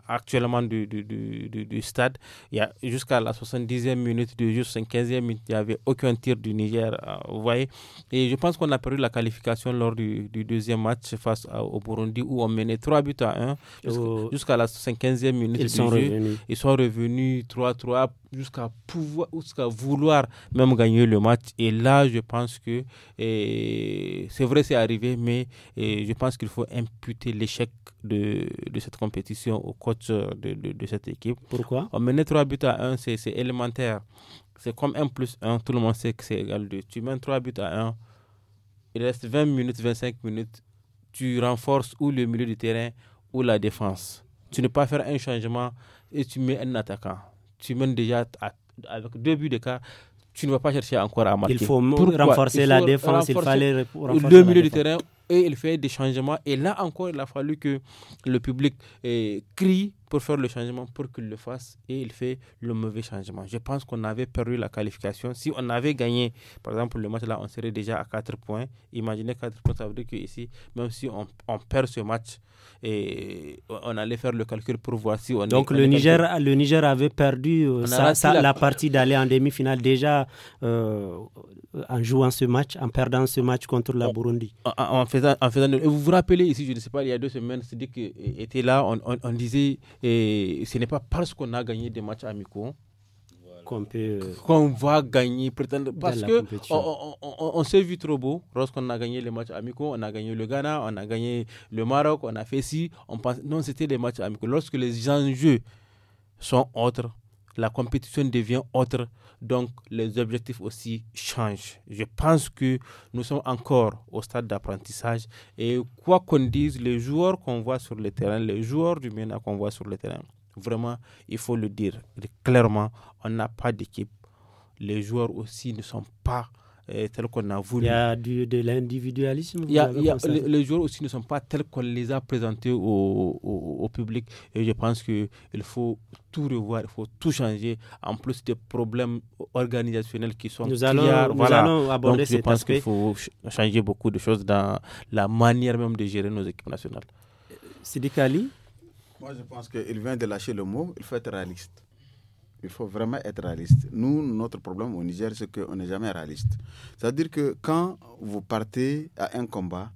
actuellement du, stade. Il y a jusqu'à la 70e minute de jeu, 15 e minute, il n'y avait aucun tir du Niger. Euh, vous voyez Et je pense qu'on a perdu la qualification lors du, deuxième match face au Burundi où on menait 3 buts à 1 jusqu'à la 15 e minute. Ils sont revenus. Ils sont revenus 3-3 jusqu'à pouvoir jusqu'à vouloir même gagner le match et là je pense que eh, c'est vrai c'est arrivé mais eh, je pense qu'il faut imputer l'échec de, cette compétition au coach de, cette équipe pourquoi on menait 3 buts à 1 c'est élémentaire c'est comme 1 plus 1 tout le monde sait que c'est égal 2 tu mènes 3 buts à 1 il reste 20 minutes 25 minutes tu renforces ou le milieu du terrain ou la défense. Tu ne peux pas faire un changement et tu mets un attaquant. Tu mènes déjà avec deux buts de cas, tu ne vas pas chercher encore à marquer. Il faut renforcer la défense, il fallait renforcer le milieu du terrain et il fait des changements. Et là encore, il a fallu que le public eh, crie pour faire le changement, pour qu'il le fasse, et il fait le mauvais changement. Je pense qu'on avait perdu la qualification. Si on avait gagné, par exemple, le match là, on serait déjà à 4 points. Imaginez 4 points, ça veut dire qu'ici, même si on, on, perd ce match, et on allait faire le calcul pour voir si on Donc est, le, Niger, le Niger avait perdu euh, la... partie d'aller en demi-finale déjà euh, en jouant ce match, en perdant ce match contre la Burundi. En, faisant, en faisant... Vous vous rappelez ici, je ne sais pas, il y a deux semaines, que était là, on, on disait et ce n'est pas parce qu'on a gagné des matchs amicaux euh, qu'on va gagner prétendre parce que on, s'est vu trop beau lorsqu'on a gagné les matchs amicaux on a gagné le Ghana on a gagné le Maroc on a fait ci on pense non c'était des matchs amicaux lorsque les enjeux sont autres la compétition devient autre, donc les objectifs aussi changent. Je pense que nous sommes encore au stade d'apprentissage et quoi qu'on dise, les joueurs qu'on voit sur le terrain, les joueurs du MENA qu'on voit sur le terrain, vraiment, il faut le dire clairement, on n'a pas d'équipe. Les joueurs aussi ne sont pas euh, qu'on a voulu. Il y a du, de l'individualisme. les joueurs aussi ne sont pas tels qu'on les a présentés au, au, public. Et je pense qu'il faut tout revoir, il faut tout changer. En plus des problèmes organisationnels qui sont. Nous allons, clairs, nous allons aborder Donc, Je pense qu'il faut changer beaucoup de choses dans la manière même de gérer nos équipes nationales. Sidi Kali Moi, je pense qu'il vient de lâcher le mot, il faut être réaliste. Il faut vraiment être réaliste. Nous, notre problème au Niger, c'est qu'on n'est jamais réaliste. C'est-à-dire que quand vous partez à un combat,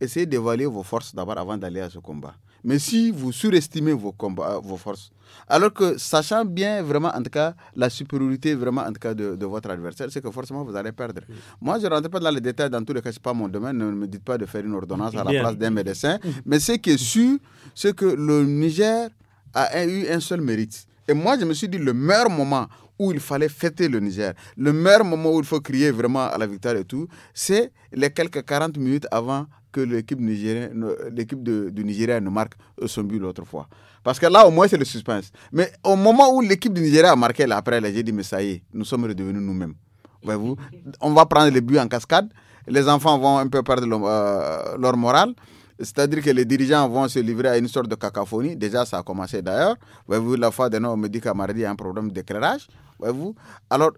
essayez d'évaluer vos forces d'abord avant d'aller à ce combat. Mais si vous surestimez vos combats, euh, vos forces, alors que sachant bien vraiment en tout cas la supériorité vraiment en tout cas de, votre adversaire, c'est que forcément vous allez perdre. Moi, je ne rentre pas dans les détails, dans tous les cas, n'est pas mon domaine. Ne me dites pas de faire une ordonnance à la place d'un médecin. Mm. Mais ce qui est sûr, c'est que le Niger a eu un seul mérite et moi, je me suis dit, le meilleur moment où il fallait fêter le Niger, le meilleur moment où il faut crier vraiment à la victoire et tout, c'est les quelques 40 minutes avant que l'équipe l'équipe du Nigeria ne marque son but l'autre fois. Parce que là, au moins, c'est le suspense. Mais au moment où l'équipe du Nigeria a marqué là, après, j'ai dit, mais ça y est, nous sommes redevenus nous-mêmes. Voyez-vous, on va prendre les buts en cascade, les enfants vont un peu perdre leur, euh, leur morale. C'est-à-dire que les dirigeants vont se livrer à une sorte de cacophonie. Déjà, ça a commencé d'ailleurs. voyez la fois de on me dit qu'à il y a un problème d'éclairage. vous Alors,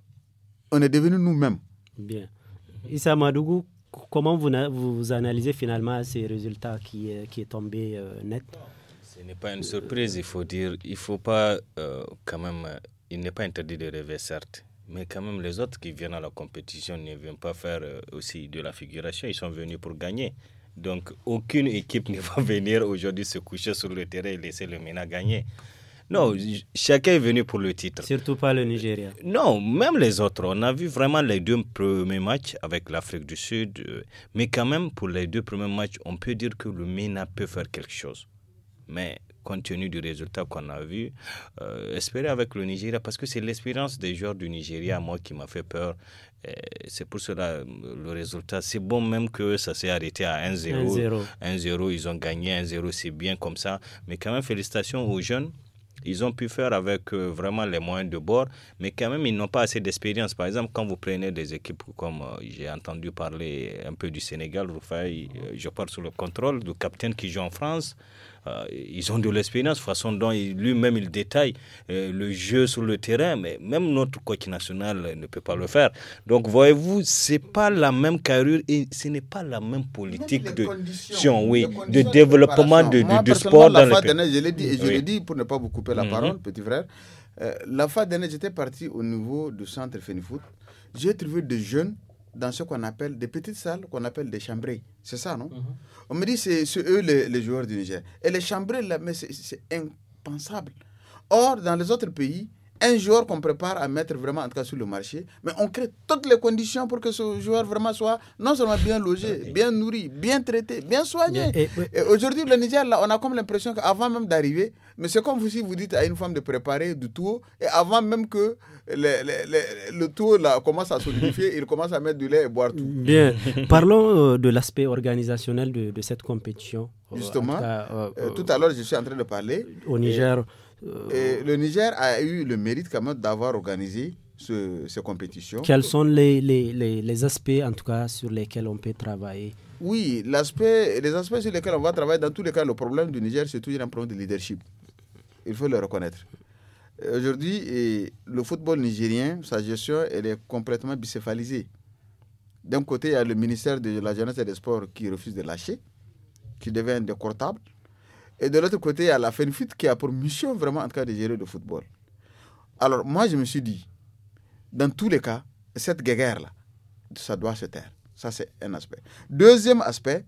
on est devenu nous-mêmes. Bien. Issa Madougou, comment vous, analysez finalement ces résultats qui, euh, qui est tombé euh, net Ce n'est pas une surprise, il faut dire. Il faut pas, euh, quand même, il n'est pas interdit de rêver, certes. Mais quand même, les autres qui viennent à la compétition ne viennent pas faire aussi de la figuration. Ils sont venus pour gagner. Donc aucune équipe ne va venir aujourd'hui se coucher sur le terrain et laisser le MENA gagner. Non, mm. chacun est venu pour le titre. Surtout pas le Nigeria. Euh, non, même les autres. On a vu vraiment les deux premiers matchs avec l'Afrique du Sud. Euh, mais quand même, pour les deux premiers matchs, on peut dire que le MENA peut faire quelque chose. Mais compte tenu du résultat qu'on a vu, euh, espérer avec le Nigeria, parce que c'est l'expérience des joueurs du Nigeria, moi, qui m'a fait peur. C'est pour cela le résultat. C'est bon même que ça s'est arrêté à 1-0. 1-0, ils ont gagné 1-0, c'est bien comme ça. Mais quand même, félicitations aux jeunes ils ont pu faire avec euh, vraiment les moyens de bord, mais quand même, ils n'ont pas assez d'expérience. Par exemple, quand vous prenez des équipes comme euh, j'ai entendu parler un peu du Sénégal, ou je parle sur le contrôle du capitaine qui joue en France. Euh, ils ont de l'expérience, façon dont lui-même il détaille euh, le jeu sur le terrain, mais même notre coach national ne peut pas le faire. Donc voyez-vous, c'est pas la même carrure et ce n'est pas la même politique de, oui, de développement de, du sport dans le pays. Je l'ai dit, pour ne pas vous couper la mhm. parole, petit frère. Euh, la fin d'année, j'étais parti au niveau du centre Fenifoot. J'ai trouvé des jeunes dans ce qu'on appelle des petites salles qu'on appelle des chambrées. C'est ça, non mhm. On me dit c'est eux les, joueurs du Niger. Et les chambrées, là, mais c'est impensable. Or, dans les autres pays, un joueur qu'on prépare à mettre vraiment en tout cas sur le marché, mais on crée toutes les conditions pour que ce joueur vraiment soit non seulement bien logé, bien nourri, bien traité, bien soigné. Et, aujourd'hui, le Niger, on a comme l'impression qu'avant même d'arriver, mais c'est comme vous, si vous dites à une femme de préparer du tout, et avant même que le, tout là, commence à solidifier, il commence à mettre du lait et boire tout. Bien. Parlons euh, de l'aspect organisationnel de, cette compétition. Euh, Justement, euh, tout à l'heure, je suis en train de parler. Au Niger. Euh, le Niger a eu le mérite quand même d'avoir organisé ce, ces compétitions. Quels sont les, les, les, aspects, en tout cas, sur lesquels on peut travailler Oui, les aspects sur lesquels on va travailler, dans tous les cas, le problème du Niger, c'est toujours un problème de leadership. Il faut le reconnaître. Euh, aujourd'hui, le football nigérien, sa gestion, elle est complètement bicéphalisée. D'un côté, il y a le ministère de la Jeunesse et des Sports qui refuse de lâcher, qui devient décortable. Et de l'autre côté, il y a la FENFIT qui a pour mission vraiment, en tout cas, de gérer le football. Alors, moi, je me suis dit, dans tous les cas, cette guerre-là, ça doit se taire. Ça, c'est un aspect. Deuxième aspect,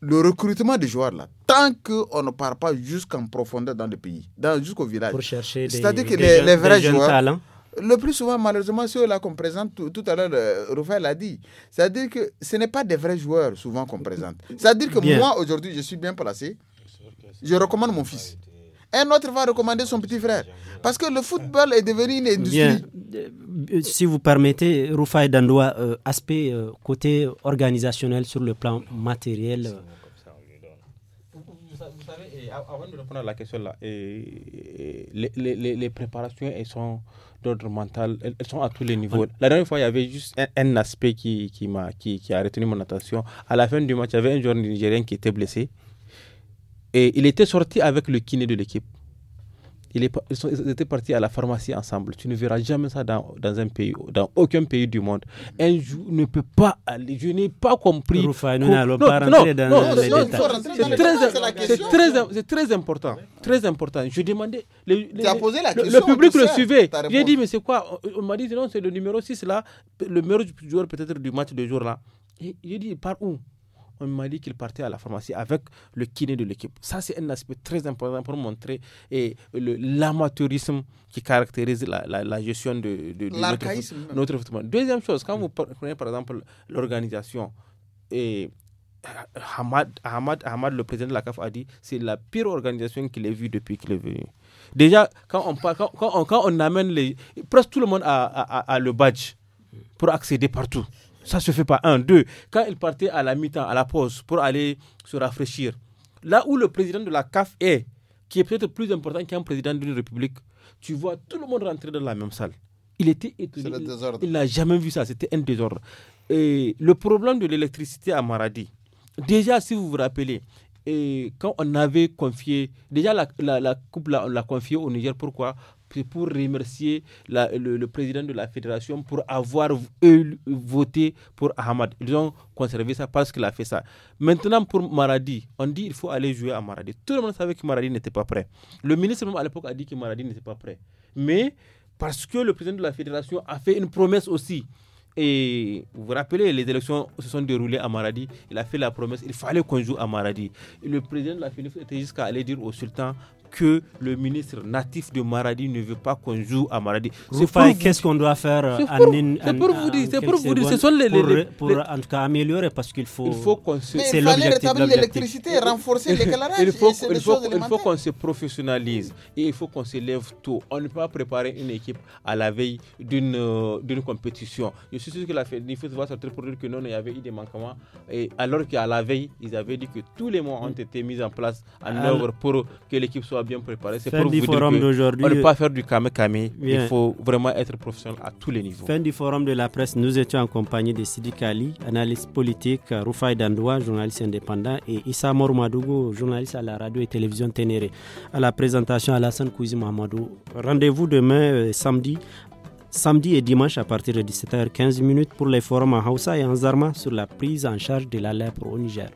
le recrutement des joueurs là, tant qu'on ne part pas jusqu'en profondeur dans le pays, jusqu'au village. Pour chercher des, C'est-à-dire que les, jeunes, vrais joueurs. Talents. Le plus souvent, malheureusement, ceux-là qu'on présente, tout, à l'heure, euh, Roufail l'a dit, c'est-à-dire que ce n'est pas des vrais joueurs souvent qu'on présente. C'est-à-dire que moi, aujourd'hui, je suis bien placé je recommande mon fils. Un autre va recommander son petit frère. Parce que le football est devenu une industrie. Euh, si vous permettez, Rufai Dandoua, euh, aspect euh, côté organisationnel sur le plan matériel. vous savez, avant de répondre à la question là, les, préparations elles sont d'ordre mental, elles, sont à tous les niveaux. La dernière fois, il y avait juste un, aspect qui, qui, qui, qui, a retenu mon attention. À la fin du match, il y avait un joueur nigérien qui était blessé. Et il était sorti avec le kiné de l'équipe. Ils étaient partis à la pharmacie ensemble. Tu ne verras jamais ça dans, dans un pays, dans aucun pays du monde. Un jour ne peut pas aller. Je n'ai pas compris. Rufa, nous n'allons pas rentrer dans les détails. C'est très, important. Très important. Je demandais. tu as posé la question. Le, public le suivait. J'ai dit, mais c'est quoi On m'a dit, non, c'est le numéro 6 là, le meilleur joueur peut-être du match de jour là. Et j'ai dit, par où on m'a dit qu'il partait à la pharmacie avec le kiné de l'équipe. Ça, c'est un aspect très important pour montrer et l'amateurisme qui caractérise la, gestion de, de, notre, notre Deuxième chose, quand vous prenez par exemple l'organisation et Hamad, le président de la CAF, a dit c'est la pire organisation qu'il ait vue depuis qu'il est venu. Déjà, quand on, quand, on, amène les. Presque tout le monde à a le badge pour accéder partout. Ça se fait pas. Un, deux. Quand il partait à la mi-temps, à la pause, pour aller se rafraîchir, là où le président de la CAF est, qui est peut-être plus important qu'un président d'une république, tu vois tout le monde rentrer dans la même salle. Il était étonné. Il n'a jamais vu ça. C'était un désordre. Et le problème de l'électricité à Maradi, déjà, si vous vous rappelez, et quand on avait confié, déjà la, coupe l'a, on l'a confiée au Niger, pourquoi pour remercier le, président de la fédération pour avoir euh, voté pour Ahmad. Ils ont conservé ça parce qu'il a fait ça. Maintenant, pour Maradi, on dit qu'il faut aller jouer à Maradi. Tout le monde savait que Maradi n'était pas prêt. Le ministre même à l'époque a dit que Maradi n'était pas prêt. Mais parce que le président de la fédération a fait une promesse aussi. Et vous vous rappelez, les élections se sont déroulées à Maradi. Il a fait la promesse, il fallait qu'on joue à Maradi. le président de la fédération était jusqu'à aller dire au sultan que le ministre natif de Maradi ne veut pas qu'on joue à Maradi. qu'est-ce qu'on doit faire C'est pour, C'est pour vous dire, euh, c'est pour vous dire, Pour, en tout cas améliorer parce qu'il faut... Il faut qu'on se... l'électricité, renforcer l'éclairage. Il faut, il faut, qu'on se professionnalise et il faut qu'on se lève tôt. On ne peut pas préparer une équipe à la veille d'une euh, compétition. Je suis sûr que la FEDNIFIS va sortir pour dire que non, il y avait eu des manquements et alors qu'à la veille, ils avaient dit que tous les mois ont mm. été mis en place en ah, œuvre pour que l'équipe soit bien préparé. C'est pour du forum d'aujourd'hui. On ne peut pas faire du kame Il faut vraiment être professionnel à tous les niveaux. Fin du forum de la presse, nous étions en compagnie de Sidi Kali, analyste politique, Rufai Dandoua, journaliste indépendant, et Issa Mormadougou, journaliste à la radio et télévision Ténéré. À la présentation, Alassane Kouzi Mamadou. Rendez-vous demain, euh, samedi, samedi et dimanche à partir de 17h15 pour les forums en Hausa et en Zarma sur la prise en charge de la lèpre au Niger.